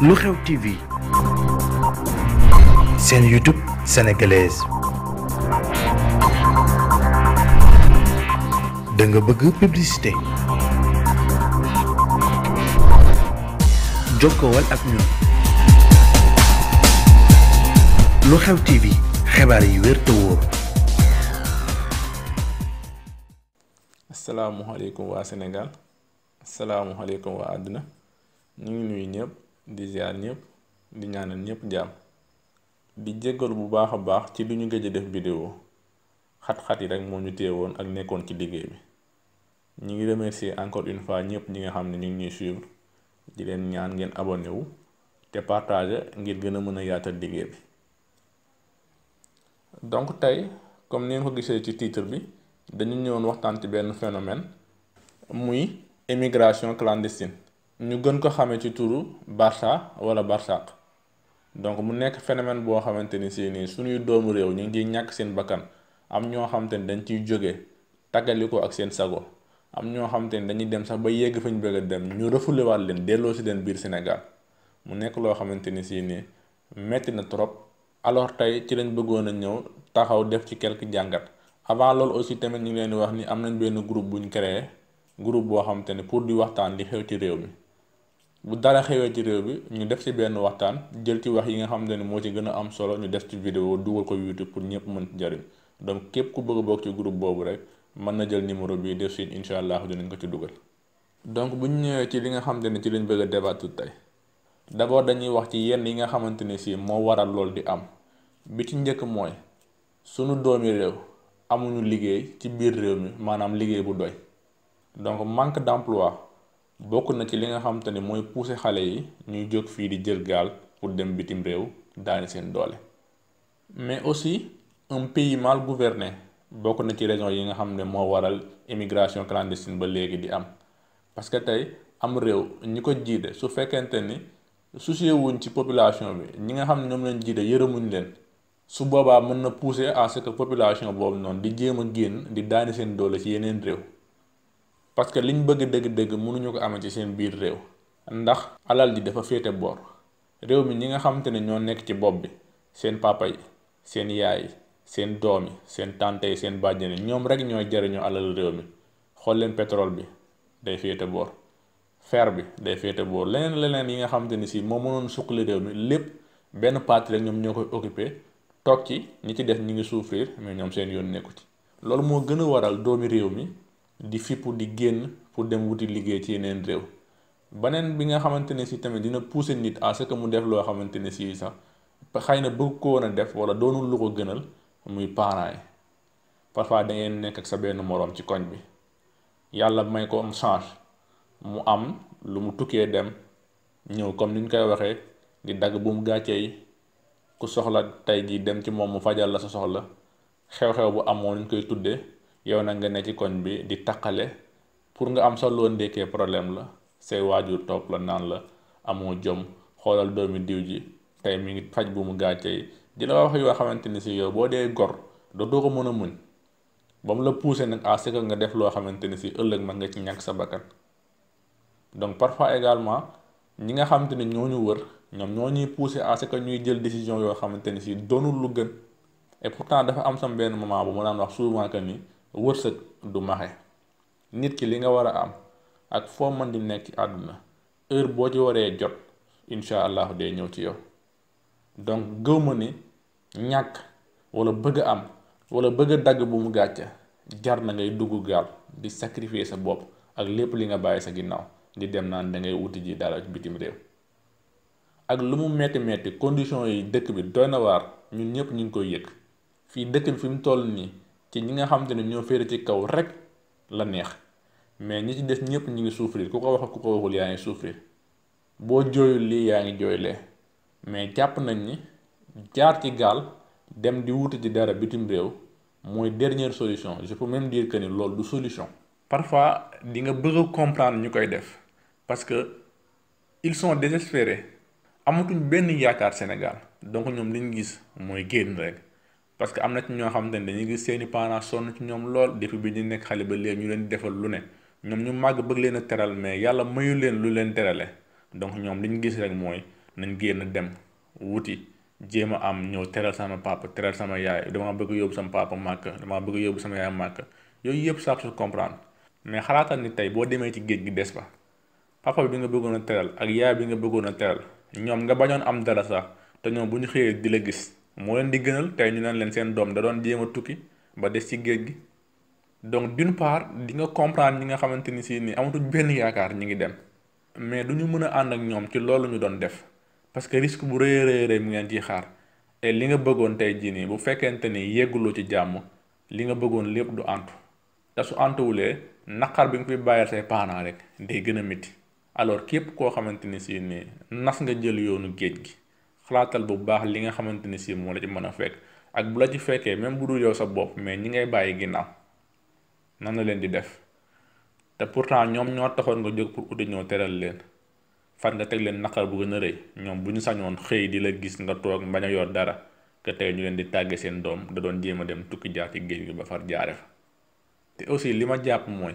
lu xew TV seen YouTube sénégalaise da nga bëgg publicité jokkowal ak ñun lu xew TV xibaar yi wér te wóor. asalaamualeykum waa Sénégal asalaamualeykum waa àdduna ñu ngi nuyu di ziar ñëpp di ñaanal ñëpp jàmm di jéggalu bu baax a baax ci li ñu gëj a def vidéo xat-xat yi rek moo ñu téye woon ak nekkoon ci liggéey bi ñu ngi remercier encore une fois ñëpp ñi nga xam ne ñu ngi ñuy suivre di leen ñaan ngeen abonné wu te partage ngir gën a mën a yaatal liggéey bi donc tey comme ni nga ko gisee ci tiitre bi dañu ñëwoon waxtaan ci benn phénomène muy émigration clandestine ñu gën ko xamee ci turu Barça wala Barsaq donc mu nekk phénomène boo xamante ni si nii suñuy doomu réew ñu ngi ciy ñàkk seen bakkan am ñoo xamante ni dañ ciy jóge tàggali ko ak seen sago am ñoo xamante ni dañuy dem sax ba yegg fañ bëgg a dem ñu refulewaat leen delloo si leen biir Sénégal mu nekk loo xamante ni si nii metti na trop alors tey ci lañ bëggoon a ñëw taxaw def ci quelque jàngat avant loolu aussi tamit ñu ngi leen di wax ni am nañ benn group buñ cree créé groupe boo xamante ni pour di waxtaan li xew ci réew mi. bu dara xewee ci réew bi ñu def ci benn waxtaan jël ci wax yi nga xam ne moo ci gën a am solo ñu def ci vidéo dugal ko YouTube pour ñëpp mën ci jariñ donc képp ku bëgg a ci groupe boobu rek mën na jël numéro bii def si incha allah dinañ ko ci dugal. donc bu ñu ñëwee ci li nga xam ne ci lañ bëgg a débattre tey d'abord dañuy wax ci yenn yi nga xamante ne si moo waral lool di am bi ci njëkk mooy sunu doomi réew amuñu liggéey ci biir réew mi maanaam liggéey bu doy donc manque d'emploi bokk na ci li nga xam ne mooy pousser xale yi ñuy jóg fii di jël gaal pour dem bitim réew daani seen doole mais aussi un pays mal gouverné bokk na ci raison yi nga xam ne moo waral immigration clandestine ba léegi di am parce que tey am réew ñi ko jiite su fekkente ni soucié wuñ ci population bi ñi nga xam ne ñoom lañ jiite yërëmuñ leen su boobaa mën na pousser à ce que population boobu noonu di jéem a génn di daani seen doole ci yeneen réew parce que liñ bëgg dëgg-dëgg mënuñu ko amee ci seen biir réew ndax alal ji dafa féete boor réew mi ñi nga xamante ne ñoo nekk ci bopp bi seen papa yi seen yaay yi seen doom yi seen tante yi seen bàjjen ñoom rek ñooy jariñoo alal réew mi xool leen pétrole bi day féete boor fer bi day féete boor leneen leneen yi nga xamante ni si moo mënoon suqali réew mi lépp benn parti rek ñoom ñoo koy occupé toog ci ñi ci def ñi ngi souffrir mais ñoom seen yoon nekku ci loolu moo gën a waral doomi réew mi di fippu di génn pour dem wuti liggéey ci yeneen réew beneen bi nga xamante ne si tamit dina pousser nit à que mu def loo xamante ne si sax xëy na bëgg ko woon a def wala doonul lu ko gënal muy parents yi parfois da ngeen nekk ak sa benn moroom ci koñ bi yàlla may ko change mu am lu mu tukkee dem ñëw comme ni ñu koy waxee di dagg bu mu gàccee yi ku soxla tey jii dem ci moom mu fajal la sa soxla xew-xew bu amoon ñu koy tuddee. yow nag nga ne ci koñ bi di taqale pour nga am sa loo ndekkee problème la say waajur topp la naan la amoo jom xoolal doomi diw ji tey mi ngi faj bu mu gàcce yi di la wax yoo xamante ni si yow boo dee gor dootoo ko mën a muñ ba mu la poussé nag à ce que nga def loo xamante ni si ëllëg mën nga ci ñàkk sa bakkan donc parfois également ñi nga xamante ni ñoo ñu wër ñoom ñoo ñuy poussé à que ñuy jël décision yoo xamante ni si doonul lu gën et pourtant dafa am sa benn moment bu ma daan wax souvent que ni. wërsëg du maxe nit ki li nga war a am ak foo mën di nekk àdduna heure boo ci waree jot incha allahu day ñëw ci yow donc gëwma ni ñàkk wala bëgg a am wala bëgg dagg bu mu gàcce jar na ngay dugg gaal di sacrifier sa bopp ak lépp li nga bàyyi sa ginnaaw di dem naan dangay ngay wuti ji dara bitim réew ak lu mu metti metti condition yi dëkk bi doy na waar ñun ñëpp ñu ngi koy yëg fii dëkk bi fi mu toll nii ci ñi nga xamante ne ñoo féere ci kaw rek la neex mais ñi ci des ñëpp ñu ngi souffrir ku ko wax ku ko waxul yaa ngi souffrir boo jooyul lii yaa ngi jooylee mais jàpp nañ ni jaar ci gaal dem di wuti ci dara bitim réew mooy dernière solution je peux même dire que ni loolu du solution. parfois di nga bëgg a comprendre ñu koy def parce que ils sont désespérés amatuñ benn yaakaar Sénégal donc ñoom li gis mooy génn rek. parce que am na ci ñoo xamante ne dañuy gis seeni parents sonn ci ñoom lool depuis bi ñu nekk xale ba léegi ñu leen defal lu ne ñoom ñu màgg bëgg leen teral mais yàlla mayu leen lu leen terale donc ñoom li ñu gis rek mooy nañ génn dem wuti jéem a am ñëw teral sama papa teral sama yaay dama bëgg yóbbu sama papa màkk dama bëgg yóbbu sama yaay màkk yooyu yëpp saa su comprendre mais xalaatal ni tey boo demee ci géej gi des ba papa bi nga bëggoon a teral ak yaay bi nga bëggoon a teral ñoom nga bañoon am dara sax te ñoom bu ñu xëyee di la gis. moo leen di gënal tey ñu naan leen seen doom da doon jéem a tukki ba des ci géej gi donc d'une part di nga comprendre ñi nga xamante ni si nii amatuñ benn yaakaar ñi ngi dem mais du ñu mën a ànd ak ñoom ci loolu ñu doon def parce que risque bu rëy rëy rëy mu ngeen ciy xar et li nga bëggoon tey jii nii bu fekkente ni yegguloo ci jàmm li nga bëggoon lépp du antu te su antuwulee naqar bi nga koy bàyyal say parents rek day gën a métti alors képp koo xamante ni si nii nas nga jël yoonu géej gi xalaatal bu baax li nga xamante ni si moo la ci mën a fekk ak bu la ci fekkee même bu dul yow sa bopp mais ñi ngay bàyyi ginnaaw nan la leen di def te pourtant ñoom ñoo taxoon nga jóg pour uti ñoo teral leen far nga teg leen naqar bu gën a rëy ñoom bu ñu sañoon xëy di la gis nga toog bañ a yor dara que tey ñu leen di tàgge seen doom da doon jéema a dem tukki jaar ci géej gi ba far jaare fa te aussi li ma jàpp mooy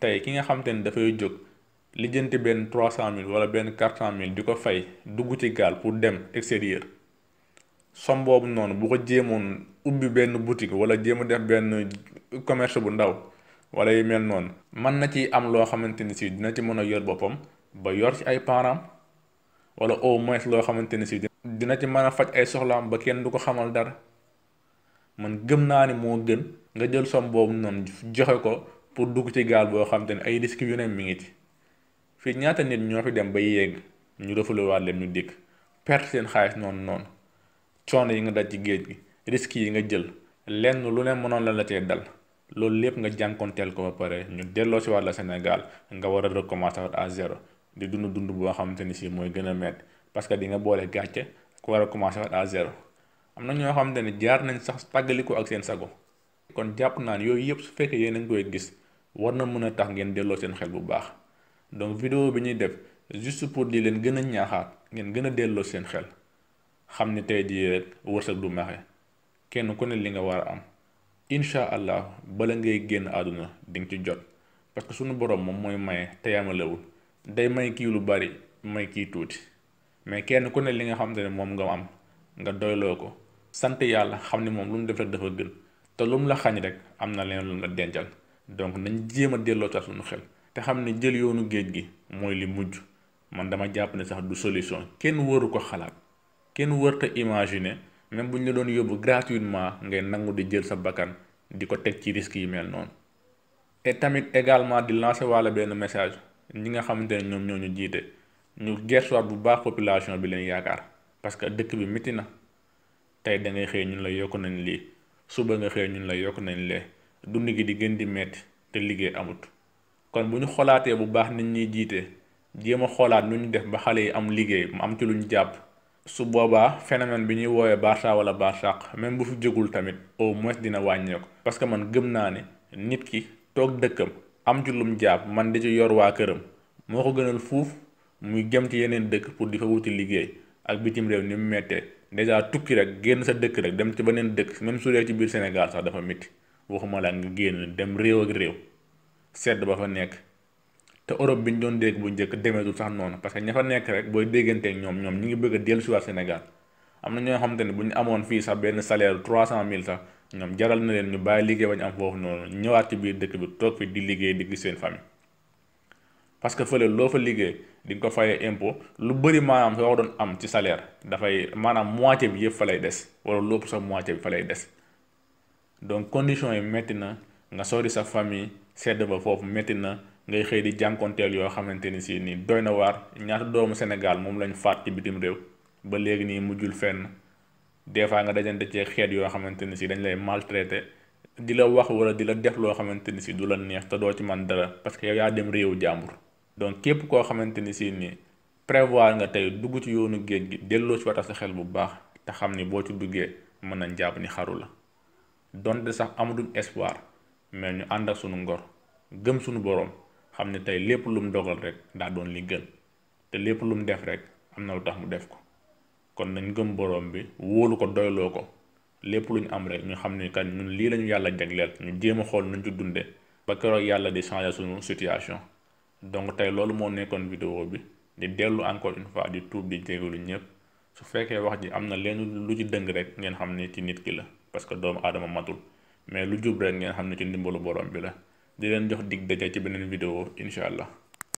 tey ki nga xamante ni dafay jóg. lijjanti benn trois cent mille wala benn quatre cent mille di ko fay dugg ci gaal pour dem extérieur som boobu noonu bu ko jéemoon ubbi benn boutique wala jéem a def benn commerce bu ndaw wala yu mel noonu mën na ci am loo xamante ni si dina ci mën a yor boppam ba yor ci ay parents wala au moins loo xamante ni si dina ci mën a faj ay soxlaam ba kenn du ko xamal dara man gëm naa ni moo gën nga jël som boobu noonu joxe ko pour dugg ci gaal boo xamante ni ay risques mi ngi ci fii ñaata nit ñoo fi dem ba yéeg ñu waat leen ñu dikk perte seen xaalis noonu noonu coono yi nga dal ci géej gi risques yi nga jël lenn lu ne mënoon la la cee dal loolu lépp nga jànkonteel ko ba pare ñu delloo si waat la Sénégal nga war a recommencer à zéro di dund dund boo xamante ni si mooy gën a métti parce que di nga boole gàcce ku war a commencer waat à zéro am na ñoo xamante ne jaar nañ sax tàggaliko ak seen sago kon jàpp naan yooyu yëpp su fekkee yéen a koy gis war na mën a tax ngeen delloo seen xel bu baax donc vidéo bi ñuy def juste pour di leen gën a ñaaxaat ngeen gën a delloo seen xel xam ne tey jii rek wërsëg du maxe kenn ku ne li nga war am incha allah bala ngay génn àdduna di nga ci jot parce que suñu borom moom mooy maye te yaamalewul day may kii lu bari may kii tuuti mais kenn ku ne li nga xam ne moom nga am nga doyloo ko sant yàlla xam ne moom lu mu def rek dafa gën te lu mu la xañ rek am na leen lu mu la dencal donc nañ jéem a delloo ca suñu xel. te xam ne jël yoonu géej gi mooy li mujj man dama jàpp ne sax du solution kenn waru ko xalaat kenn wër wërta imaginer même bu ñu la doon yóbbu gratuitement ngay nangu di jël sa bakkan di ko teg ci risques yi mel noonu et tamit également di lancer walla benn message ñi nga xamante ne ñoom ñoo ñu jiite ñu gersuwaat bu baax population bi leen yaakaar parce que dëkk bi métti na tey dangay ngay xëy ñun la yokk nañ lii suba nga xëy ñun la yokk nañ lee dund gi di gën di metti te liggéey amut kon bu ñu xolaatee bu baax nit ñuy jiite jéem a xoolaat nu ñu def ba xale yi am liggéey mu am ci lu ñu jàpp su boobaa phénomène bi ñuy woowee barça wala barsàq même bu fi jógul tamit au moins dina wàññeeku parce que man gëm naa ne nit ki toog dëkkam am ci lum jàpp man di ci yor waa këram moo ko gënal fuuf muy gem ci yeneen dëkk pour di fa wuti liggéey ak bitim réew ni mu méttee déjà tukki rek génn sa dëkk rek dem ci beneen dëkk même su dee ci biir Sénégal sax dafa métti waxuma la nga génn dem réew ak réew sedd ba fa nekk te Europe bi ñu doon dégg bu njëkk demeetul sax noonu parce que ña fa nekk rek booy dégganteeg ñoom ñoom ñu ngi bëgg a dellusiwaat Sénégal am na ñoo xamante ne bu ñu amoon fii sax benn salaire trois cent mille sax ñoom jaral na leen ñu bàyyi liggéey ba ñu am foofu noonu ñëwaat ci biir dëkk bi toog fi di liggéey di seen famille parce que fële loo fa liggéey di nga ko faye impo lu bëri maanaam soo ko doon am ci salaire dafay maanaam moitié bi yëpp lay des wala lu sax moitié bi fa lay des donc na nga sori sa famille sedd ba foofu métti na ngay xëy di jànkonteel yoo xamante ni si nii doy na waar ñaata doomu Sénégal moom lañ faat ci bitim réew ba léegi nii mujjul fenn des fois nga dajante ci xeet yoo xamante ni si dañ lay maltraité di la wax wala di la def loo xamante ni si du la neex te doo ci man dara parce que yow yaa dem réewu jàmbur donc képp koo xamante ni si nii prévoir nga tey dugg ci yoonu géej gi delloo ci wata sa xel bu baax te xam ni boo ci duggee mën nañ jàpp ni xaru la donte sax amaduñ espoir mais nu ànd ak sunu ngor gëm sunu boroom xam ne tey lépp lu mu dogal rek daa doon li gën te lépp lu mu def rek am na lu tax mu def ko kon nañ gëm boroom bi wóolu ko doyloo ko lépp lu ñu am rek ñu xam ne kat lii lañu yàlla jagleel ñu jéem a xool nuñ ci dunde ba keroog yàlla di changer sunu situation donc tey loolu moo nekkoon vidéo bi di dellu encore une fois di tuub di jégalu ñëpp su fekkee wax ji am na leen lu ci dëng rek ngeen xam ne ci nit ki la parce que doomu matul mais lu jub rek ngeen xam ne ci ndimbalu borom bi la di leen jox dig daje ci beneen vidéo incha allah